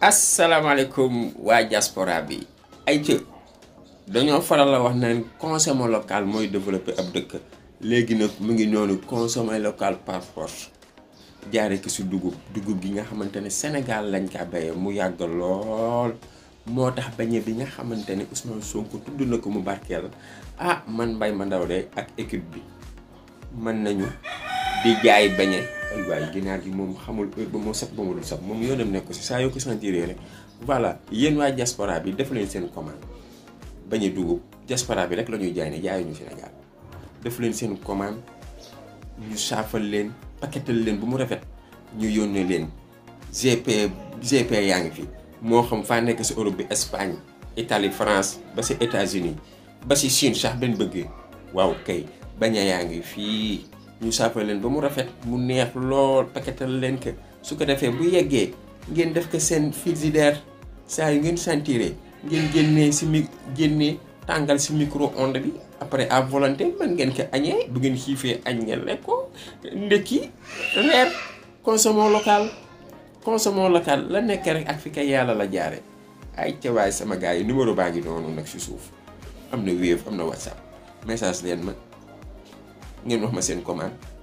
asalaamaaleykum waa diaspora bi ay cë dañoo faral la wax naan consommer local mooy développer ab dëkk léegi nag mu ngi noonu consommer local par force jaare ko si dugub dugub gi nga xamante ne Sénégal lañ kaa béyee mu yàgg lool moo tax beñe bi nga xamante ne Ousmane Sonko tudd na ko mu barkeel ah man mbay Mbaye ndaw de ak équipe bi mën nañu di jaay beñe ay ginaar gi moom xamul heure ba moo saf ba mu dul saf moom yoonam nekk si saa yoo ko rek voilà yéen waa diaspora bi def leen seen commande bañ a dugub diaspora bi rek la ñuy jaay ne jaayuñu Sénégal def leen seen commande ñu saafal leen paquetal leen bu mu rafet ñu yónnee leen GP GP yaa ngi fi moo xam faa nekk si Europe bi Espagne Italie France ba si États-Unis ba si Chine sax benn bëgg waaw kay bañ yaa ngi fii ñu sape leen ba mu rafet mu neex lool paquetal leen ko su ko defee bu yeggee ngeen def ko seen frigidaire saa yu ngeen sentiree ngeen génnee si mi génnee tàngal si micro-ondes bi après à volonté mën ngeen ko añee bu ngeen xiifee añ ngeen lekk ko ndekki reer consommons local consommons local la nekk rek ak fi kay yàlla la jaare ay cawaay sama gars yi numéro baa ngi noonu nag si suuf am na Wave am na WhatsApp message leen ma ngeen wax ma seen commande